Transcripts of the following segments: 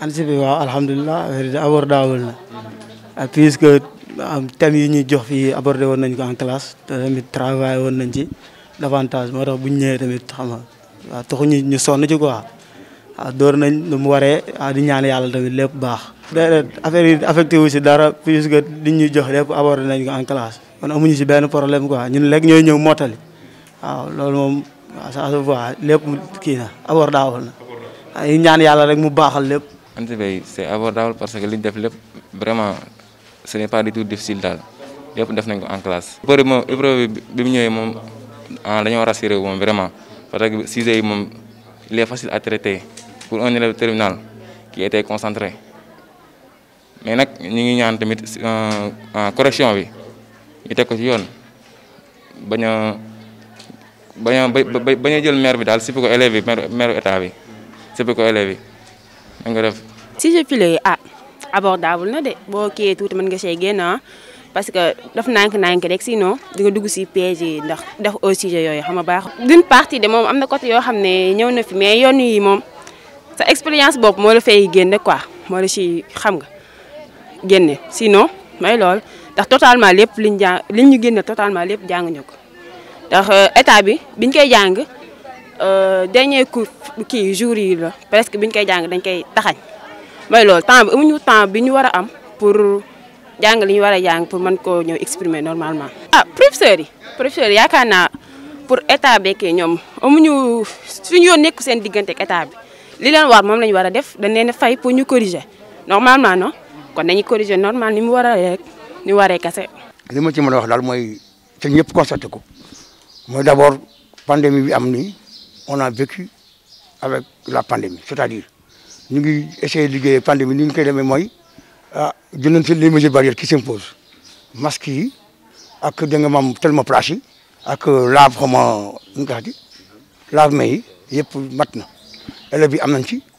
ANACIM bi waaw alhamdulilah abordé wul na puisque thèmes yi ñuy jox fii abordé woon nañ ko en classe te tamit travail woon nañ ci davantage moo tax bu ñu ñëwee tamit xam nga waaw ñu ñu sonn ci quoi waaw door nañ lu mu waree di ñaan yàlla tamit lépp baax. déedéet affaire yi affecté wu si dara puisque li ñuy jox lépp abordé nañ ko en classe kon amuñu si benn problème quoi ñun léegi ñooy ñëw motali a loolu moom a se voit lépp kii na abordé wul na. ñaan yàlla rek mu baaxal lépp. Antibay c'est abordable parce que li def lépp vraiment ce n'est pas du tout difficile daal lépp def nañ ko en classe. Pour moi, épreuve bi mu ñëwee moom ah rassuré moom vraiment parce que sujet yi moom il est facile à traiter pour un élève terminal qui était concentré mais nag ñu ngi ñaan tamit euh, correction bi ñu teg ko ci yoon bañ a bañ a bañ a jël maire bi daal suppi ko élèves maire état bi suppi ko élèves nga def. sujet philo ah abordable na de boo kiiyee tuuti mën nga see génn ah. parce que daf nànk-nànk rek sinon di nga dugg si piège yi ndax def au yooyu xam a baax. d'une partie de moom am na côté yoo xam ne ñëw na fi mais yoon yi moom sa expérience bopp moo la fay génne quoi moo la si xam nga génne sinon may lool ndax totalement lépp liñ jàng liñ ñu génne totalement lépp jànguñu ko ndax euh, état bi biñ koy jàng. Euh, dernier cours ki jour yi la presque biñ koy jang dañ koy taxañ moy lool temps bi amuñu temps bi ñu wara am pour jang li ñu wara jang pour man ko ñew exprimer normalement ah professeur yi professeur yaakaana pour état beké ñom amuñu suñu yo nekk seen digënté ak état bi li leen war mom lañ wara def dañ leen fay pour ñu corriger normalement non kon dañuy corriger normal ni mu wara rek ni waré li ma ci mëna wax dal moy ci ñepp constater ko moy d'abord pandémie bi am ni on a vécu avec la pandémie c'est-à-dire nous essayons de faire la pandémie Nous avons koy ah, les mesures barrières qui s'imposent Masquer, ak da tellement place ak lave comment,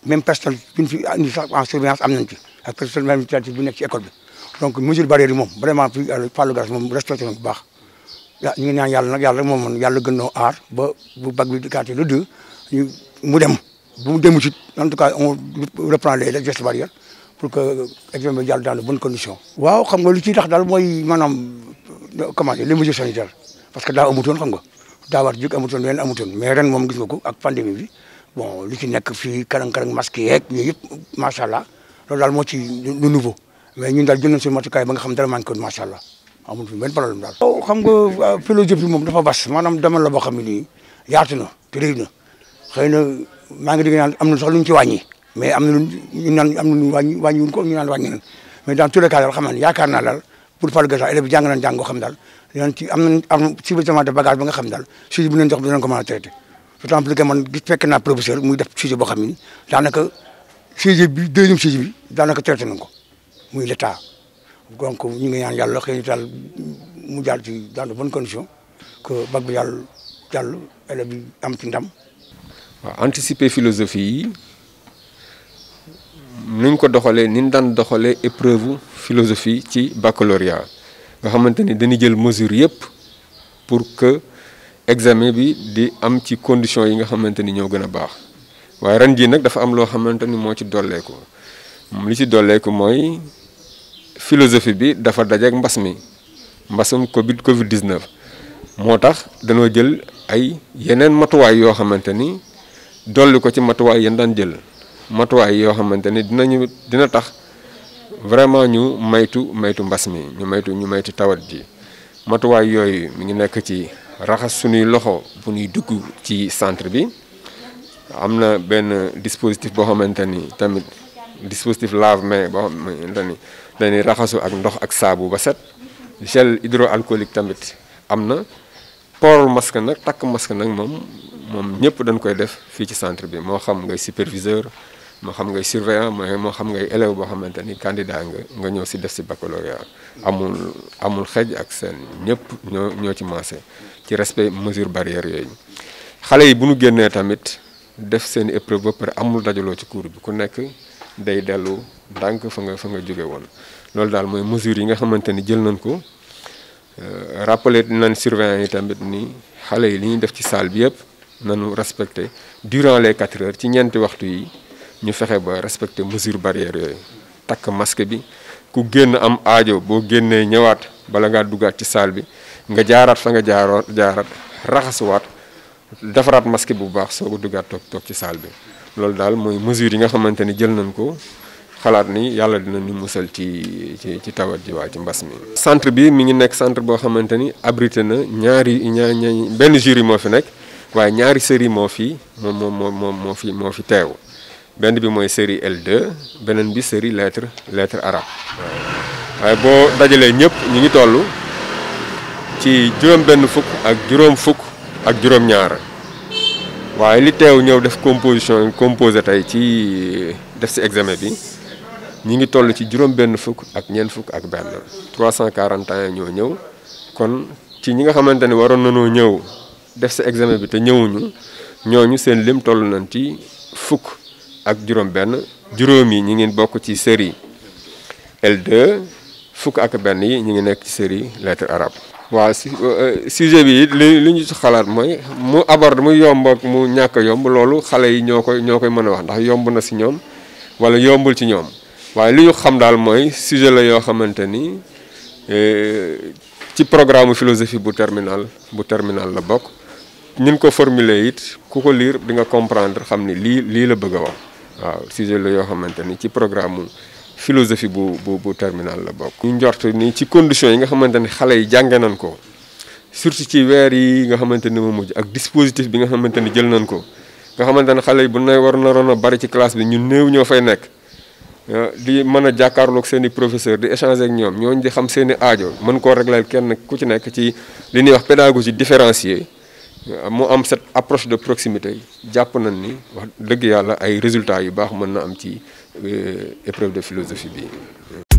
même personne en surveillance am ci ak personnel donc mesure barrières vraiment le gaz, Ya, ñu ngi ñaan yàlla nag yàlla moom man yàlla gën noo aar ba bu bag bi dikkaatee le deux ñu mu dem bu mu demu ci en tout cas on reprend les gestes barrières pour que examen bi jàll dans de bonnes conditions. waaw xam nga lu ciy tax daal mooy maanaam comment dire les mesures sanitaires parce que daa amutoon xam nga daawaat jug amutoon leen amutoon mais ren moom gis nga ko ak pandémie bi bon lu ci nekk fii karang-karang masque yeeg yooyu yëpp macha allah loolu daal moo ci lu nouveau mais ñun daal jël nañ suñu matukaay ba nga xam dara manqué woon macha allah amul fi benn problème daal. waaw xam nga euh, philosophie moom dafa bas maanaam dama la boo xam ne nii yaatu na te na xëy na maa ngi dégg naan am na sax lu ñu ci wàññi mais am na lu ñu naan am ko ñu naan wàññi nañ mais dans tous les daal xam naa yaakaar naa daal pour Fallou Gueye sax élèves yi jàng nañ jàng koo daal dinañ ci am nañ ba nga xam daal sujet bu leen jox dinañ ko mën a traité d'autant plus que man gis fekk naa professeur muy def sujet boo xam donc ñu ngi ñaan yàlla xëy dal mu jàll ci dans de bonnes conditions que bac bi yàlla jàll élève bi am ci ndam. waaw anticiper philosophie yi nuñ ko doxalee ni ñu daan doxalee épreuve philosophie ci baccalauréat nga xamante ni dañuy jël mesure yépp pour que examen bi di am ci condition yi nga xamante ni ñoo gën a baax waaye ren jii nag dafa am loo xamante ni moo ci dolleeku li ci dolleeku mooy. philosophie bi dafa dajeek mbas mi mbasum Covid Covid 19 moo tax danoo jël ay yeneen matuwaay yoo xamante ni dolli ko ci matuwaay yéen daan jël matuwaay yoo xamante dina dinañu dina tax vraiment ñu maytu maytu mbas mi ñu maytu ñu maytu tawat ji matuwaay yooyu mi ngi nekk ci raxas suñuy loxo bu ñuy dugg ci centre bi am na benn dispositif boo xamante ni tamit. dispositif lave main boo dañi ne raxasu ak ndox ak sabu ba set gel hydroalcoolique tamit amna por port masque nak tak masque nak mom mom ñepp dañ koy def fi ci centre bi mo xam ngay superviseur mo xam ngay surveillant mo mo xam ngay élève bo xamanteni ni candidat nga nga ñëw ci def ci baccalauréat amul amul xej ak sen ñepp ñoo ñoo ci mancé ci respect mesure barrière yoy xalé yi bu nu génné tamit def sen épreuve ba amul dajalo ci cours bi ku nekk day delu dank fa nga fa nga joge won lol dal moy mesure yi nga xamanteni jël nañ ko euh, rappeler nañ surveillant yi tamit ni xalé yi li ñu def ci salle bi yépp nañu respecter durant les 4 heures ci ñent waxtu yi ñu fexé ba respecter mesure barrière masque bi ku génn am aajo bo génnee ñëwaat bala nga duggaat ci salle bi nga jaarat fa nga jaarat jaaraat raxasuwaat defaraat masque bu baax so duggaat tok tok ci salle bi lol dal moy mesure yi nga xamanteni jël nañ ko xalaat ni yalla dina ñu mussel ci ci ci tawat ji ci mbas mi. centre bi mi ngi nek centre bo xamanteni abrité na ñaari ñaar benn jury mo fi nek way ñaari série mo fi mo mo mo mo fi mo fi tew ben bi moy série L2 benen bi série lettre lettre arab way bo dajale ñep ñi ngi tollu ci juroom ben fuk ak juroom fuk ak juroom ñaara waaye li teew ñëw def composition composé tey ci def si examen bi ñu ngi toll ci juróom benn fukk ak ñeent fukk ak benn 341 ñoo ñëw kon ci ñi nga xamante ne waroon nañoo ñëw def si examen bi te ñëwuñu ñooñu seen lim toll nañ ci fukk ak juróom benn juróom yi ñi ngi bokk ci série L2 fukk ak benn yi ñu ngi nekk ci série lettre arabe waa si euh, euh, sujet bi it li li ñu si xalaat mooy mu abard mu yomb ak mu ñàkk yomb loolu xale yi ñoo koy ñoo koy mën a wax ndax yomb na si ñoom wala yombul ci ñoom waaye li ñu xam daal mooy sujet la yoo xamante ni euh, ci programme philosophie bu terminal bu terminal la bokk ñun ko formuler it ku ko lire nga comprendre xam ni lii lii la bëgg a wax waaw sujet la yoo xamante ni ci programme philosophie bu bu bu terminal la bokk. njort ni ci conditions yi nga xamante ne xale yi jànge nañ ko surtout ci weer yi nga xamante ni mu mujj ak dispositif bi nga xamante ni jël nañ ko nga xamante ne xale yi bu nay war naroon a bari ci classe bi ñu néew ñoo fay nekk euh, di mën a jàkkaarloog seen i professeur di échanger ak ñoom ñoo ñu di xam seen i aajo mën koo régler kenn ku ci nekk ci li ñuy wax pédagogie différenciée. mu am set approche de proximité jàpp nañ ni wax dëgg yàlla ay résultats yu baax mën na am ci euh, épreuve de philosophie bi